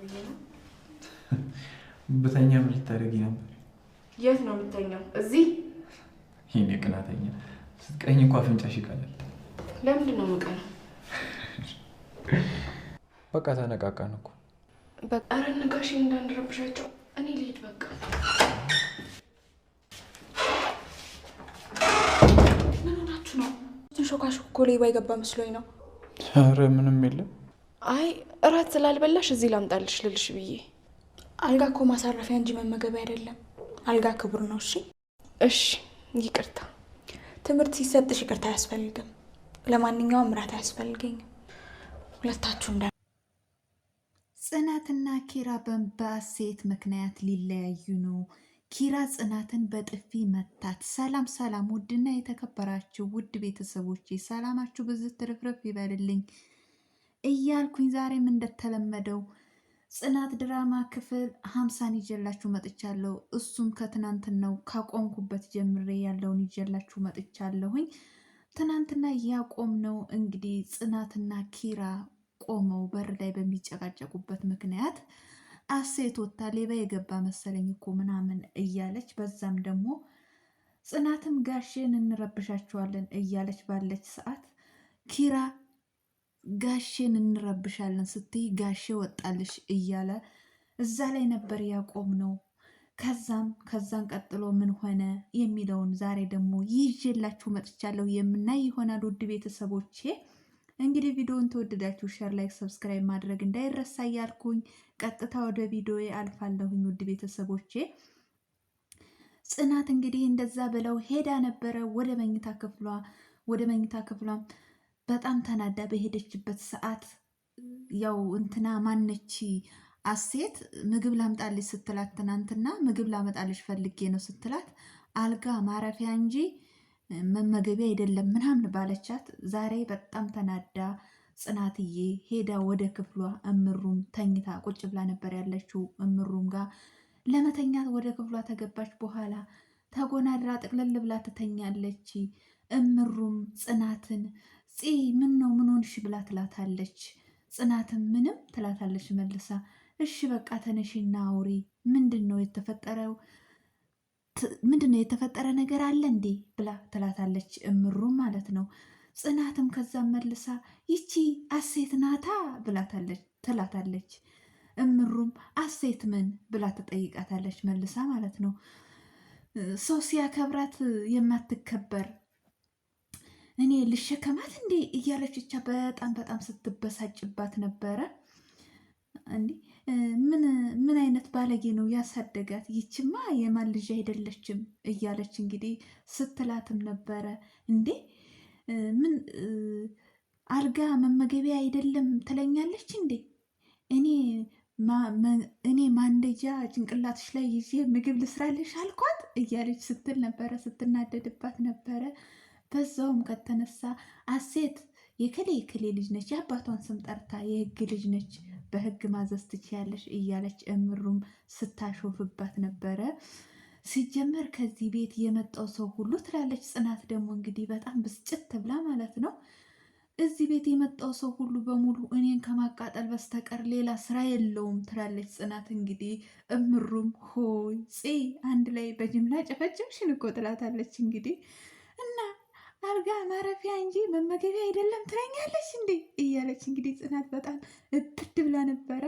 ብዬ ነው። ብተኛ ምን ልታደርጊ ነበር? የት ነው የምተኛው? እዚህ። ይሄኔ ቅናተኛ ስትቀኝ እኮ አፍንጫሽ ይቀላል። ለምንድን ነው የምቀነው? በቃ ተነቃቃን እኮ። ኧረ ነጋሽ እንዳንረብሻቸው። እኔ በቃ ምን ሆናችሁ ነው? ሾካሽ የገባ መስሎኝ ነው። ኧረ ምንም የለም። አይ እራት ስላልበላሽ እዚህ ላምጣልሽ ልልሽ ብዬ። አልጋ እኮ ማሳረፊያ እንጂ መመገቢያ አይደለም። አልጋ ክቡር ነው። እሺ እሺ፣ ይቅርታ። ትምህርት ሲሰጥሽ ይቅርታ አያስፈልግም። ለማንኛውም እራት አያስፈልገኝም። ሁለታችሁ እንዳ ጽናትና ኪራ በሴት ምክንያት ሊለያዩ ነው። ኪራ ጽናትን በጥፊ መታት። ሰላም ሰላም! ውድና የተከበራችሁ ውድ ቤተሰቦቼ ሰላማችሁ ብዙ ትርፍርፍ ይበልልኝ። እያልኩኝ ዛሬም እንደተለመደው ጽናት ድራማ ክፍል ሀምሳን ይጀላችሁ መጥቻለሁ። እሱም ከትናንትናው ካቆምኩበት ጀምሬ ያለውን ይጀላችሁ መጥቻለሁኝ። ትናንትና ነው እንግዲህ ጽናትና ኪራ ቆመው በር ላይ በሚጨቃጨቁበት ምክንያት አሴት ወታ ሌባ የገባ መሰለኝ እኮ ምናምን እያለች በዛም ደግሞ ጽናትም ጋሼን እንረብሻቸዋለን እያለች ባለች ሰዓት ኪራ ጋሼን እንረብሻለን ስትይ ጋሼ ወጣልሽ እያለ እዛ ላይ ነበር ያቆም ነው። ከዛም ከዛን ቀጥሎ ምን ሆነ የሚለውን ዛሬ ደግሞ ይዤላችሁ መጥቻለሁ የምናይ ይሆናል። ውድ ቤተሰቦቼ እንግዲህ ቪዲዮውን ተወደዳችሁ ሸር፣ ላይክ፣ ሰብስክራይብ ማድረግ እንዳይረሳ እያልኩኝ ቀጥታ ወደ ቪዲዮዬ አልፋለሁኝ። ውድ ቤተሰቦቼ ጽናት እንግዲህ እንደዛ ብለው ሄዳ ነበረ ወደ መኝታ ክፍሏ ወደ መኝታ ክፍሏም በጣም ተናዳ በሄደችበት ሰዓት ያው እንትና ማነች አሴት ምግብ ላምጣልሽ ስትላት ትናንትና ምግብ ላመጣልሽ ፈልጌ ነው ስትላት አልጋ ማረፊያ እንጂ መመገቢያ አይደለም ምናምን ባለቻት። ዛሬ በጣም ተናዳ ጽናትዬ ሄዳ ወደ ክፍሏ እምሩም ተኝታ ቁጭ ብላ ነበር ያለችው። እምሩም ጋር ለመተኛት ወደ ክፍሏ ተገባች። በኋላ ተጎናድራ ጥቅልል ብላ ትተኛለች። እምሩም ጽናትን ፂ ምን ነው ምን ሆንሽ ብላ ትላታለች። ጽናትም ምንም ትላታለች መልሳ። እሺ በቃ ተነሽና አውሪ፣ ምንድን ነው የተፈጠረው? ምንድን ነው የተፈጠረ ነገር አለ እንዴ ብላ ትላታለች። እምሩም ማለት ነው። ጽናትም ከዛም መልሳ ይቺ አሴት ናታ ብላታለች ትላታለች። እምሩም አሴት ምን ብላ ትጠይቃታለች መልሳ ማለት ነው። ሰው ሲያከብራት የማትከበር እኔ ልሸከማት እንዴ እያለች ብቻ በጣም በጣም ስትበሳጭባት ነበረ። ምን ምን አይነት ባለጌ ነው ያሳደጋት? ይችማ የማን ልጅ አይደለችም እያለች እንግዲህ ስትላትም ነበረ። እንዴ ምን አልጋ መመገቢያ አይደለም ትለኛለች እንዴ? እኔ እኔ ማንደጃ ጭንቅላትሽ ላይ ይዤ ምግብ ልስራልሽ አልኳት እያለች ስትል ነበረ። ስትናደድባት ነበረ። በዛውም ከተነሳ አሴት የክሌ የክሌ ልጅ ነች፣ የአባቷን ስም ጠርታ የህግ ልጅ ነች፣ በህግ ማዘዝ ትችያለች እያለች እምሩም ስታሾፍባት ነበረ። ሲጀመር ከዚህ ቤት የመጣው ሰው ሁሉ ትላለች ጽናት። ደግሞ እንግዲህ በጣም ብስጭት ብላ ማለት ነው። እዚህ ቤት የመጣው ሰው ሁሉ በሙሉ እኔን ከማቃጠል በስተቀር ሌላ ስራ የለውም ትላለች ጽናት። እንግዲህ እምሩም ሆይ ፅ አንድ ላይ በጅምላ ጨፈጨብሽን እኮ ትላታለች እንግዲህ አልጋ ማረፊያ እንጂ መመገቢያ አይደለም ትለኛለች እንዴ እያለች እንግዲህ ጽናት በጣም እብድ ብላ ነበረ።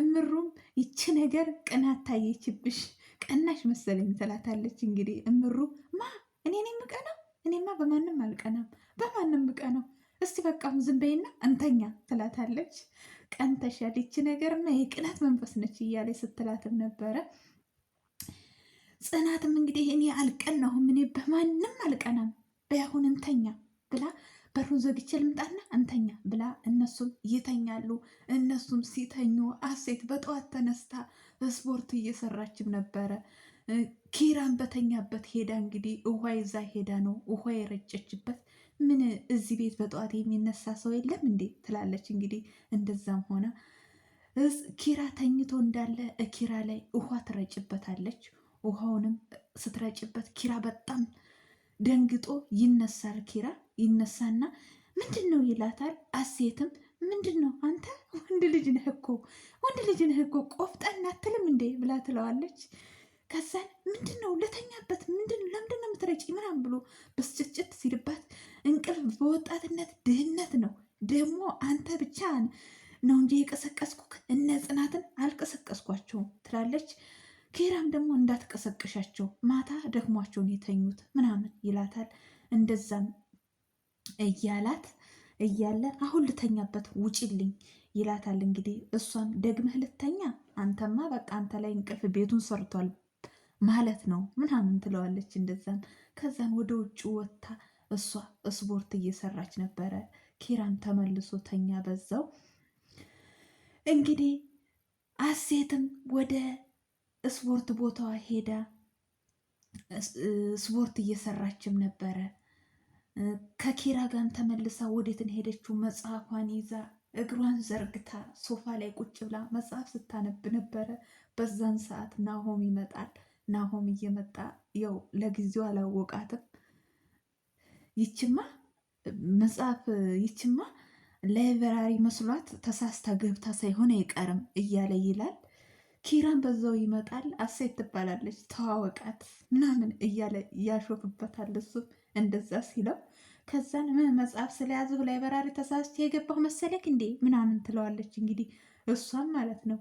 እምሩም ይቺ ነገር ቅናት ታየችብሽ ቀናሽ መሰለኝ ትላታለች። እንግዲህ እምሩ ማ እኔን የምቀናው እኔማ በማንም አልቀናም በማንም ምቀናው እስቲ በቃም አሁን ዝም በይና እንተኛ ትላታለች። ቀንተሻል ይቺ ነገርና የቅናት መንፈስ ነች እያለች ስትላትም ነበረ። ጽናትም እንግዲህ እኔ አልቀናሁም እኔ በማንም አልቀናም በያሁን እንተኛ ብላ በሩን ዘግቼ ልምጣና እንተኛ ብላ እነሱም ይተኛሉ። እነሱም ሲተኙ አሴት በጠዋት ተነስታ ስፖርት እየሰራችም ነበረ። ኪራን በተኛበት ሄዳ እንግዲህ ውሃ ይዛ ሄዳ ነው ውሃ የረጨችበት። ምን እዚህ ቤት በጠዋት የሚነሳ ሰው የለም እንዴ ትላለች። እንግዲህ እንደዛም ሆነ ኪራ ተኝቶ እንዳለ ኪራ ላይ ውሃ ትረጭበታለች። ውሃውንም ስትረጭበት ኪራ በጣም ደንግጦ ይነሳል። ኪራ ይነሳና ምንድን ነው ይላታል። አሴትም ምንድን ነው አንተ ወንድ ልጅ ነህ እኮ ወንድ ልጅ ነህ እኮ ቆፍጠን አትልም እንዴ ብላ ትለዋለች። ከዛን ምንድን ነው ለተኛበት ምንድን ለምንድን ነው የምትረጪ ምናም ብሎ በስጭትጭት ሲልባት እንቅልፍ በወጣትነት ድህነት ነው ደግሞ አንተ ብቻ ነው እንጂ የቀሰቀስኩ እነ ጽናትን አልቀሰቀስኳቸውም ትላለች። ኪራም ደግሞ እንዳትቀሰቅሻቸው ማታ ደክሟቸውን የተኙት ምናምን ይላታል። እንደዛም እያላት እያለ አሁን ልተኛበት ውጪልኝ ይላታል። እንግዲህ እሷም ደግመህ ልተኛ አንተማ በቃ አንተ ላይ እንቅልፍ ቤቱን ሰርቷል ማለት ነው ምናምን ትለዋለች። እንደዛም ከዛን ወደ ውጭ ወጥታ እሷ ስፖርት እየሰራች ነበረ። ኪራም ተመልሶ ተኛ በዛው እንግዲህ አሴትም ወደ ስፖርት ቦታዋ ሄዳ ስፖርት እየሰራችም ነበረ። ከኪራ ጋም ተመልሳ ወዴትን ሄደችው? መጽሐፏን ይዛ እግሯን ዘርግታ ሶፋ ላይ ቁጭ ብላ መጽሐፍ ስታነብ ነበረ። በዛን ሰዓት ናሆም ይመጣል። ናሆም እየመጣ ያው ለጊዜው አላወቃትም። ይችማ መጽሐፍ ይችማ ላይብራሪ መስሏት ተሳስታ ገብታ ሳይሆን አይቀርም እያለ ይላል። ኪራን በዛው ይመጣል። አሴት ትባላለች ተዋወቃት ምናምን እያለ ያሾፍበታል። እሱ እንደዛ ሲለው ከዛን ምን መጽሐፍ ስለያዝ ላይ በራሪ ተሳስቼ የገባሁ መሰለክ እንዴ ምናምን ትለዋለች። እንግዲህ እሷም ማለት ነው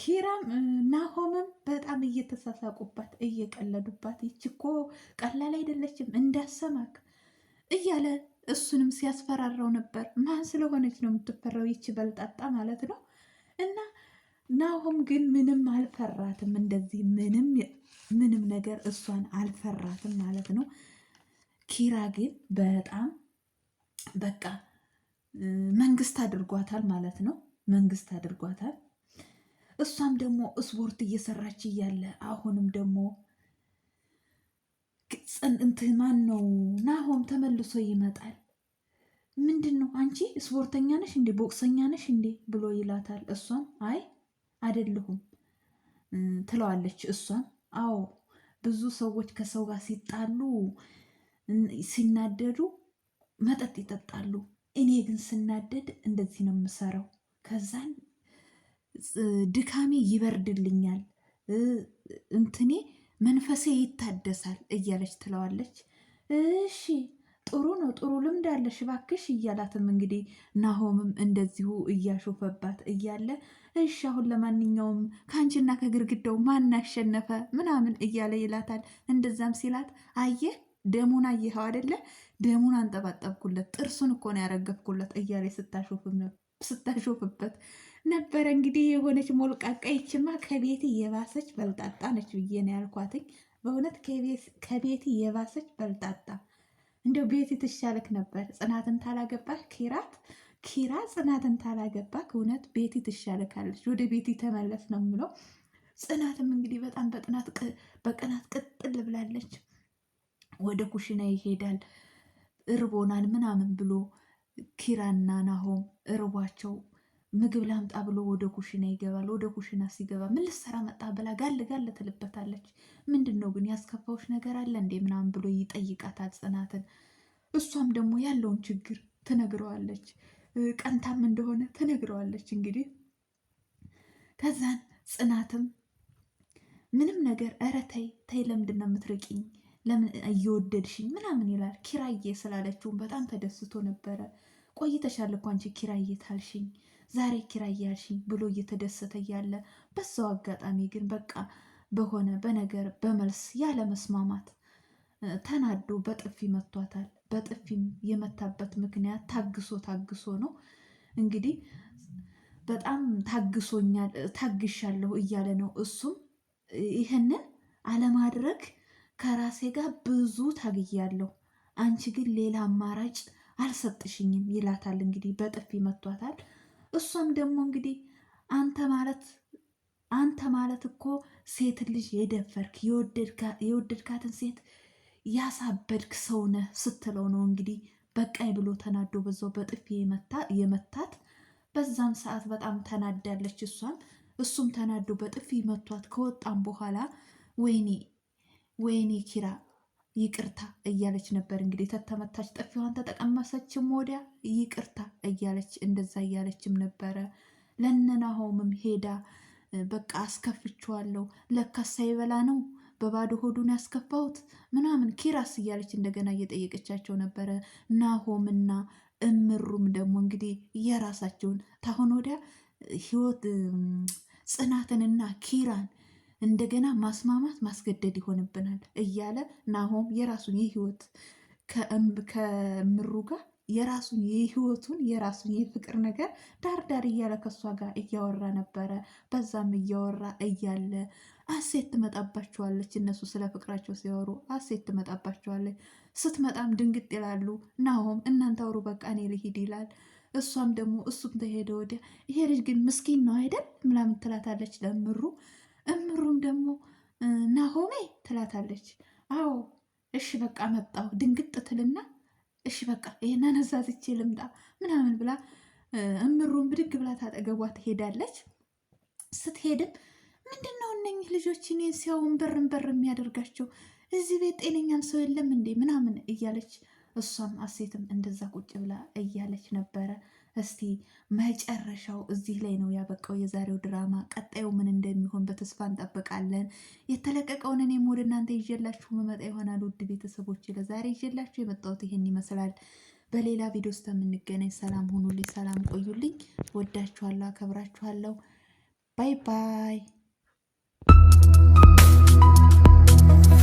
ኪራም ናሆምም በጣም እየተሳሳቁባት እየቀለዱባት፣ ይች እኮ ቀላል አይደለችም እንዳሰማክ እያለ እሱንም ሲያስፈራራው ነበር። ማን ስለሆነች ነው የምትፈራው? ይች በልጣጣ ማለት ነው እና ናሆም ግን ምንም አልፈራትም። እንደዚህ ምንም ምንም ነገር እሷን አልፈራትም ማለት ነው። ኪራ ግን በጣም በቃ መንግስት አድርጓታል ማለት ነው። መንግስት አድርጓታል። እሷም ደግሞ ስፖርት እየሰራች እያለ አሁንም ደግሞ እንትን ማን ነው ናሆም ተመልሶ ይመጣል። ምንድን ነው አንቺ ስፖርተኛ ነሽ እንዴ ቦክሰኛ ነሽ እንዴ ብሎ ይላታል። እሷም አይ አይደለሁም ትለዋለች እሷም አዎ ብዙ ሰዎች ከሰው ጋር ሲጣሉ ሲናደዱ መጠጥ ይጠጣሉ። እኔ ግን ስናደድ እንደዚህ ነው የምሰራው። ከዛን ድካሜ ይበርድልኛል፣ እንትኔ መንፈሴ ይታደሳል እያለች ትለዋለች። እሺ ጥሩ ነው፣ ጥሩ ልምድ አለሽ እባክሽ እያላትም እንግዲህ ናሆምም እንደዚሁ እያሾፈባት እያለ እሺ አሁን ለማንኛውም ከአንቺና ከግርግዳው ማን ያሸነፈ ምናምን እያለ ይላታል። እንደዛም ሲላት አየ ደሙን አየኸው አደለ? ደሙን አንጠባጠብኩለት ጥርሱን እኮ ነው ያረገፍኩለት እያለ ስታሾፍበት ነበረ። እንግዲህ የሆነች ሞልቃቃ ይችማ ከቤት የባሰች በልጣጣ ነች ብዬ ነው ያልኳትኝ። በእውነት ከቤት የባሰች በልጣጣ እንደው ቤት ትሻለክ ነበር ጽናትን ታላገባህ ኪራት ኪራ ጽናትን ታላገባክ እውነት ቤቲ ትሻለካለች። ወደ ቤቲ ተመለስ ነው የምለው። ጽናትም እንግዲህ በጣም በጥናት በቅናት ቅጥል ብላለች። ወደ ኩሽና ይሄዳል። እርቦናል ምናምን ብሎ ኪራና ናሆም እርቧቸው ምግብ ላምጣ ብሎ ወደ ኩሽና ይገባል። ወደ ኩሽና ሲገባ ምን ልትሰራ መጣ ብላ ጋል ጋል ትልበታለች። ምንድን ነው ግን ያስከፋዎች ነገር አለ እንዴ ምናምን ብሎ ይጠይቃታል ጽናትን። እሷም ደግሞ ያለውን ችግር ትነግረዋለች። ቀንታም እንደሆነ ትነግረዋለች። እንግዲህ ከዛን ጽናትም ምንም ነገር እረ ተይ ተይ፣ ለምንድን ነው የምትርቂኝ? ለምን እየወደድሽኝ ምናምን ይላል። ኪራዬ ስላለችውን በጣም ተደስቶ ነበረ። ቆይተሻል እኮ አንቺ ኪራዬ ታልሽኝ ዛሬ ኪራይ ያልሽኝ ብሎ እየተደሰተ እያለ በዛው አጋጣሚ ግን በቃ በሆነ በነገር በመልስ ያለ መስማማት ተናዶ በጥፊ መቷታል። በጥፊም የመታበት ምክንያት ታግሶ ታግሶ ነው እንግዲህ በጣም ታግሶኛል ታግሻለሁ እያለ ነው። እሱም ይህንን አለማድረግ ከራሴ ጋር ብዙ ታግያለሁ፣ አንቺ ግን ሌላ አማራጭ አልሰጥሽኝም ይላታል። እንግዲህ በጥፊ መቷታል። እሷም ደግሞ እንግዲህ አንተ ማለት አንተ ማለት እኮ ሴት ልጅ የደፈርክ የወደድካትን ሴት ያሳበድክ ሰው ነህ ስትለው ነው እንግዲህ በቃይ ብሎ ተናዶ በዛው በጥፊ የመታት። በዛም ሰዓት በጣም ተናዳለች እሷም እሱም ተናዶ በጥፊ መቷት። ከወጣም በኋላ ወይኔ ወይኔ ኪራ ይቅርታ እያለች ነበር እንግዲህ ተተመታች፣ ጥፊዋን ተጠቀመሰችም፣ ወዲያ ይቅርታ እያለች እንደዛ እያለችም ነበረ። ለነናሆምም ሄዳ በቃ አስከፍቼዋለሁ፣ ለካ ሳይበላ ነው በባዶ ሆዱን ያስከፋሁት ምናምን ኪራስ እያለች እንደገና እየጠየቀቻቸው ነበረ። ናሆምና እምሩም ደግሞ እንግዲህ የራሳቸውን ታሁን ወዲያ ህይወት ጽናትንና ኪራን እንደገና ማስማማት ማስገደድ ይሆንብናል እያለ ናሆም የራሱን የህይወት ከምሩ ጋር የራሱን የህይወቱን የራሱን የፍቅር ነገር ዳርዳር እያለ ከእሷ ጋር እያወራ ነበረ። በዛም እያወራ እያለ አሴት ትመጣባቸዋለች። እነሱ ስለ ፍቅራቸው ሲያወሩ አሴት ትመጣባቸዋለች። ስትመጣም ድንግጥ ይላሉ። ናሆም እናንተ አውሩ በቃ እኔ ልሂድ ይላል። እሷም ደግሞ እሱም ተሄደ ወዲያ ይሄ ልጅ ግን ምስኪን ነው አይደል ምናምን ትላታለች ለምሩ እምሩም ደግሞ ናሆሜ ትላታለች። አዎ እሺ በቃ መጣሁ ድንግጥ ትልና እሺ በቃ ይሄን አነዛዝቼ ልምጣ ምናምን ብላ እምሩም ብድግ ብላ ታጠገቧ ትሄዳለች። ስትሄድም ምንድን ነው እነኝህ ልጆች እኔን ሲያውን በርን በር የሚያደርጋቸው እዚህ ቤት ጤነኛም ሰው የለም እንዴ ምናምን እያለች እሷም አሴትም እንደዛ ቁጭ ብላ እያለች ነበረ። እስቲ መጨረሻው እዚህ ላይ ነው ያበቃው የዛሬው ድራማ። ቀጣዩ ምን እንደሚሆን በተስፋ እንጠብቃለን። የተለቀቀውን እኔም ወደ እናንተ ይዤላችሁ መመጣ ይሆናል። ውድ ቤተሰቦች ለዛሬ ይዤላችሁ የመጣሁት ይህን ይመስላል። በሌላ ቪዲዮ ውስጥ የምንገናኝ። ሰላም ሁኑልኝ፣ ሰላም ቆዩልኝ። ወዳችኋለሁ፣ አከብራችኋለሁ። ባይ ባይ።